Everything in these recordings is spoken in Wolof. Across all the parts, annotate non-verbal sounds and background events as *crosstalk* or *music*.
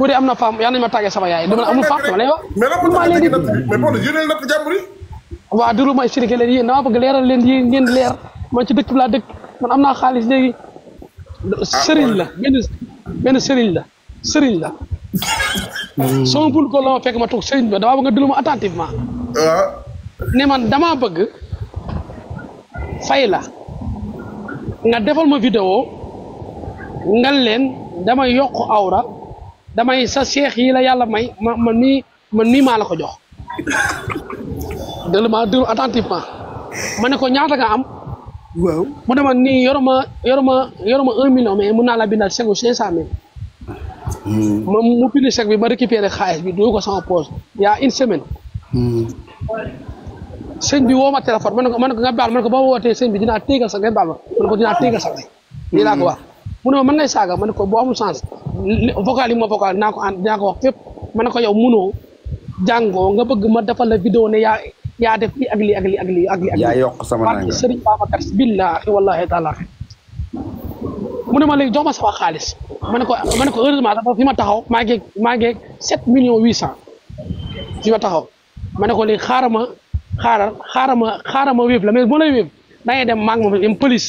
bu dee am na femme yaa nañ ma tàggee sama yaay dama amul femme lay wax ma leen di mais bon yéen napp jàmbur yi waaw duru may leen yéen bëgg leeral leen ngeen leer man ci dëkk bi laa dëkk man am naa xaalis léegi ah, sëriñ la benn benn sëriñ la sëriñ la hmm. sama bul ko la ma fekk ma toog sëriñ bi damaa bëgg nga déglu ma attentivement ah. ne man damaa bëgg fay la nga defal ma vidéo nga leen dama yokk awra damay sa seex yi la yàlla may ma man mii man mii maa la ko jox déglu ma déglu attentivement ma ne ko ñaata nga am. waaw mu ne ma nii yor ma yor ma yor ma un million mais mun naa la bindal chèque bu cinq cent mille. Hmm. mu pili chèque bi ma récupéré xaalis bi dugg ko sama poche yaa a une semaine. Hmm. sëñ bi woo ma téléphone ma ko nga baal ma ko boo wootee sëñ bi dinaa téegal sa nga baal ma ma ne ko dinaa téegal sa lii laa ko wax. mu ne ma mën ngay saaga ma ne ko boo amul chance vocal yi naa ko ànd naa ko wax fépp ko yow munoo jàngoo nga bëgg ma defal la vidéo ne yaa yaa def lii ak lii ak lii ak lii ak lii yaa yokk sama nanga parce que Serigne Babacar billaahi wallaahi taala mu ne ma léegi jox ma sama xaalis ma ne ko ma ne ko heureusement dafa ma taxaw maa ngi maa ngi sept millions huit taxaw ma ne ko léegi xaaral ma xaaral xaaral ma xaaral ma wéef la mais bu lay wéef da ngay dem maa ngi moom dem police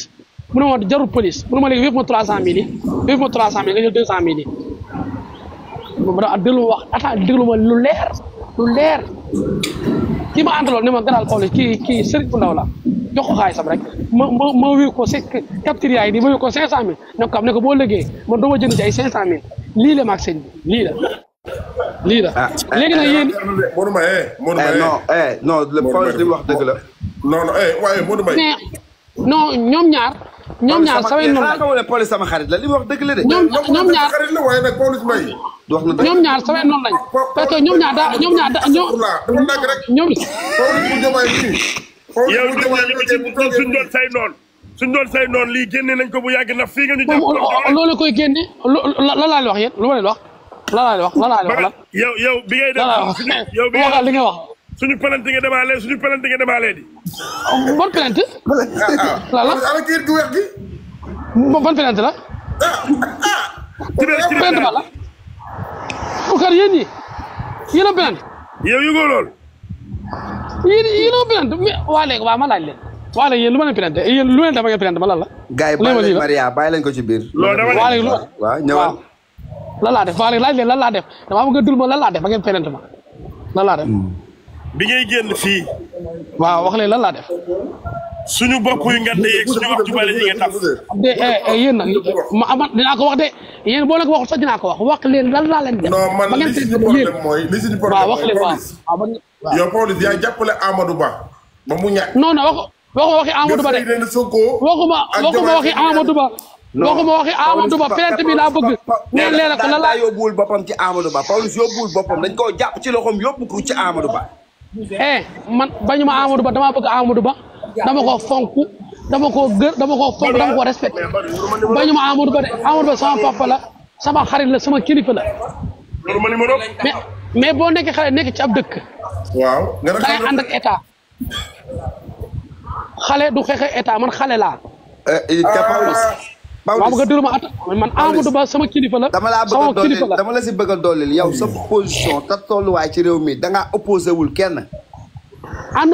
mu ne ma jarul police mu ne ma léegi wépp ma trois cent mille yi wépp ma trois cent deux cent mille lu leer lu leer kii ma àndaloon ne ma garaal kaw kii kii bu ndaw la jox ko xaalisam rek ma ma ma ko cinq capture yaay di ma wéy ko cinq cent mille ne ko am ne ko boo lëggee man doo ma jënd ci ay cinq cent mille lii la maag la lii la ah, eh, léegi nag eh, yéen eh, wax dëgg la non ñoom ñaar ñoom ñaar samay noonu la xamal ne Pawlish sama xarit la li mu wax dëgg la de. ñoom ñoom ñaar xarit la waaye nag Pawlish Mbaye. wax na dëgg ñoom ñaar samay noonu lañ. parce que ñoom ñaar daa ñoom ñaar daa ñoom. dafa nag rek. ñoom Pawlish bu jomaay bi. Pawlish bu jomaay bi yow li ma suñ doon say noonu. suñ doon say noonu lii génne nañ ko bu yàgg na fii nga ñu. jàpp loolu koy génne la la laa wax yéen lu ma leen wax. la laa wax la laa wax lan. yow yow bi ngay def yow bi nga wax li nga wax. suñu plainte nga débaalee suñu plainte nga débaalee di. bon plainte. Ah, la la ah. avec kii gu weex gi. bon plainte ah, la. a plainte. yow yëgoo lool. yéen yéen waa léegi waa laaj leen. waa léegi yéen lu ma leen plainte yéen lu leen ma lan la. leen ko ci biir. loolu dama waa léegi lu waaw ñëwal. lan laa def waa léegi laaj leen lan laa def damaa bëgg a dul ma lan def ba ngeen plainte ma lan def. Hmm. bi ngay génn fii. waaw wax leen lan laa def. suñu bopp yu ngand yeeg suñu wax ju bari yi nga taf. de eh, eh, yéen nag ma amat dinaa ko wax de yéen boo leen ko waxul sax dinaa ko wax wax leen lan laa leen def. non man li si problème mooy li si problème waaw wax leen waaw. yow Pawlish yaa jàppale Amadou Ba ba mu ñàkk. non non waxu waxu waxi Amadou Ba de. waxuma waxuma waxi Amadou Ba. waxuma waxi Amadou Ba plainte bi laa bëgg. neen leen ko lan laa boppam ci Amadou Ba Pawlish yóbbuwul boppam dañ ko jàpp ci loxoom yóbbu ko ci Amadou Ba. eh man bañu ma Amadou Ba damaa bëgg Amadou Ba dama ko fonk dama ko gër dama ko fonk dama ko respecté bañu de Amadou sama papa la sama xarit la sama kilifa la mais boo nekkee xale nekk ci ab dëkk. waaw nga dangay xale du xeex état man xale Pawlish waaw nga déglu sama kilifa la. dama laa bëgg a dooleel dama la a dooleel ci réew mi da ngaa opposé wul kenn. ànd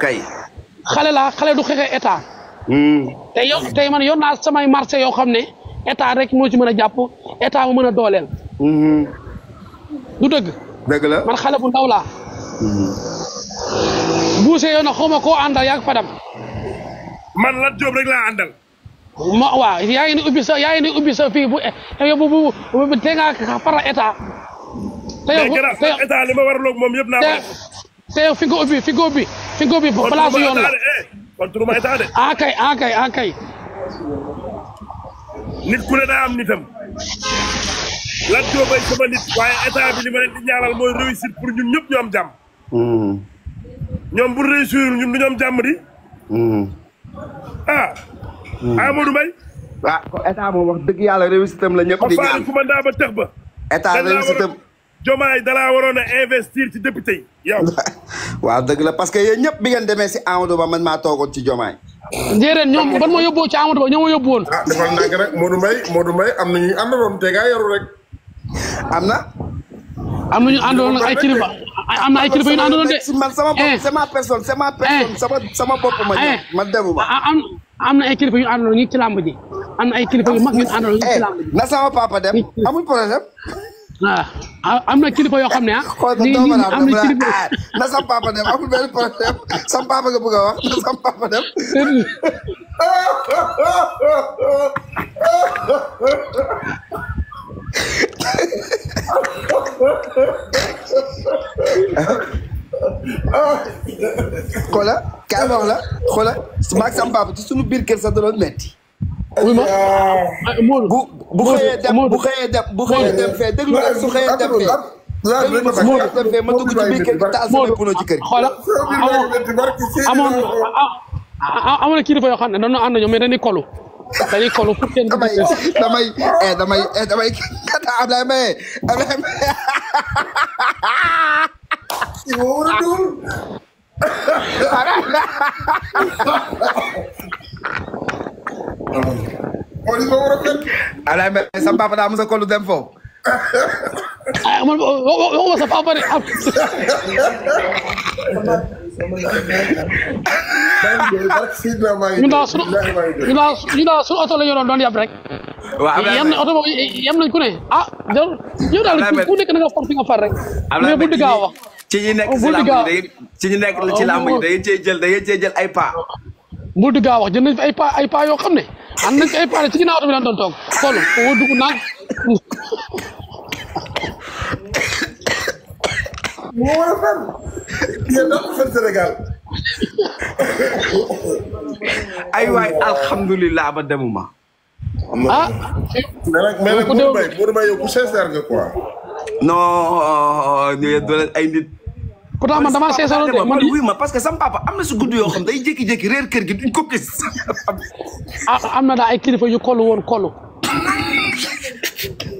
kay. xale laa xale du xeexee état. Hmm. te man yor samay marché yoo xam ne état rek moo ci mën a jàpp état mu mën a dooleel. Hmm. du dëgg. man xale bu ndaw laa. Hmm. buuse yoon na xaw ma koo àndal man la Diop rek laa àndal. ma waaw yaa ngi ni ubbi sa yaa ngi ni ubbi sa fii bu eh, bu bu bu te nga faral état. te yow te yow état li ma waraloon moom yëpp naa ko. te yow fi nga ubbi fi nga ubbi fi nga ubbi place yoon la eh, kon turuma état de. ah kay ah kay ah kay. nit ku ne daa am nitam. lan joo bay sama nit waaye état bi li ma leen di ñaaral mooy réussir pour ñun ñëpp ñu am jàmm. Hmm. ñoom bu réussir ñun du ñu am jàmm di. Hmm. ah. Mm. Amadou Mbaye. waaw ah, ko état moom wax dëgg yàlla réussite am la ñëpp di ñaan fu ma ndaa ba tëx ba. état réussite am Jomaay dalaa waroon a investir ci député yi yow. *laughs* waaw dëgg la parce que yéen ñëpp bi ngeen demee si Amadou Ba man maa toogoon ci Jomaay. déedéet ñoom ban moo yóbbu ci Amadou Ba ñoom moo yóbbu woon. ah defal nag rek Modou Mbaye Modou Mbaye am na ñuy àndaloon te gaa yaru rek. am na. am na ñu àndaloon ay kilifa am na ay kilifa yu ñu àndaloon de. man sama bopp c'est eh. ma personne c'est ma eh. personne sama sama bopp ma eh. ñor man demuma. Ah, ah, am na ay kilifa yu àndaloon ñu ci làmb kilifa mag yu àndaloon ñu ci làmb na sama papa dem amul problème. na kilifa yoo xam ne na sam papa dem amul benn sam papa nga bëgg wax na sam papa dem. *laughs* xoola kaay ma wax la xoola maag sama papa ci suñu biir kër sax da doon metti oui ma ah, bu bu xëyee dem bu xëyee dem bu xëyee dem fee déglu nag su xëyee dem fee déglu nag su xëyee dem fee ma dugg ci biir kër gi taal sama puno ci kër gi xoola ah, ah, yoo xam ne dañu ànd ñoom mais dañuy kolu dañuy kolu pour kenn damay damay eh, damay eh, damay kata *laughs* *laughs* di woo war a dóor. xool yi ma war a fekk. alaay mais sa papa daa mos a kollu dem foofu. ah man waxuma sa papa de am. ñu naa sunu rek. yam na oto boobu yam nañ ku ne na nga for fi nga rek. ci ñi nekk ci làmb yi day ci ñi nekk ci làmb yi jël day jël ay paa Modou Ga wax jël nañ fi ay pas ay yoo xam ne ànd nañ fi ay pas ci ginnaaw bi daan doon toog xool woo dugg naag. moo a fen yéen ay waay alhamdulilah ba demuma. ah. mais nag mais ku sincère nga euh, euh, euh, ay nit. pourtant man damaa sincère de man oui ma parce que sama papa am na si gudd xam day jékki-jékki réer kër gi duñ ko gis. *laughs* ah am na daa ay kilifa yu kollu woon kollu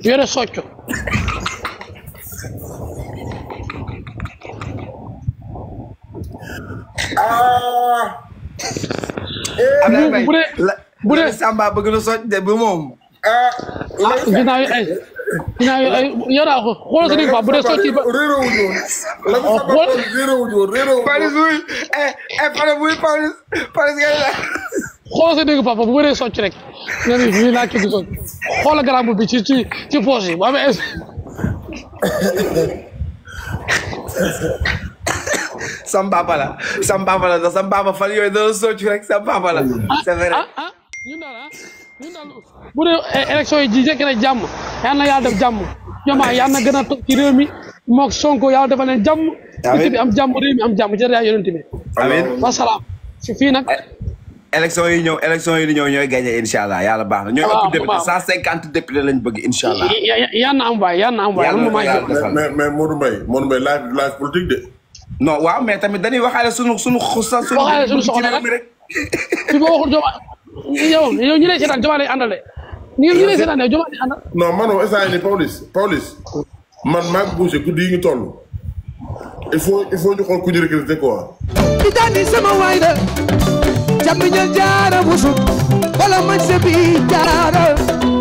yore soccu ah. bu dee bu dee Samba bëgg na socc de bu moom. ah, ah ginnaaw yi ay. Eh. naa yor ay yor naa ko xoolal sa bu dee soo ci ba. woon. woon réeróo woon. Pawlish wuy eh eh Pawlish wuy Pawlish Pawlish nga la. xoolal sa fii naa kii di socc bi ci ci ci poche yi bu amee est. sam papa la sam papa la ñun daal bu dee e-, élection yi ji jekk na jàmm yal na yàlla def jàmm Diomaye na gën a ci réew mi moog Sonko yàlla defal leen jàmm. amiin bi am jam réew mi am jàmm jërë yaa yonent bi. amiin wa salaam si nag. élection yi ñëw élection yi ñëw ñooy gagné incha allah yàlla baax na. ñooy ëpp député 150 député lañ bëgg incha allah. yal na am waay yal na am waay. yal na mais mais Modou Mbaye de. non waaw mais tamit dañuy waxaale sunu sunu xusa sunu. waxaale sunu soxla rek fi yow yow ñu lay seetaan Jomaa lay àndal de. ñu ñu lay seetaan de Jomaa lay àndal. man moom instant yii nii Pawlish Pawlish ñu toll il ñu xool ku ñu recruter quoi. di daandi sama waay la jàmm ña jaara wala man sa bi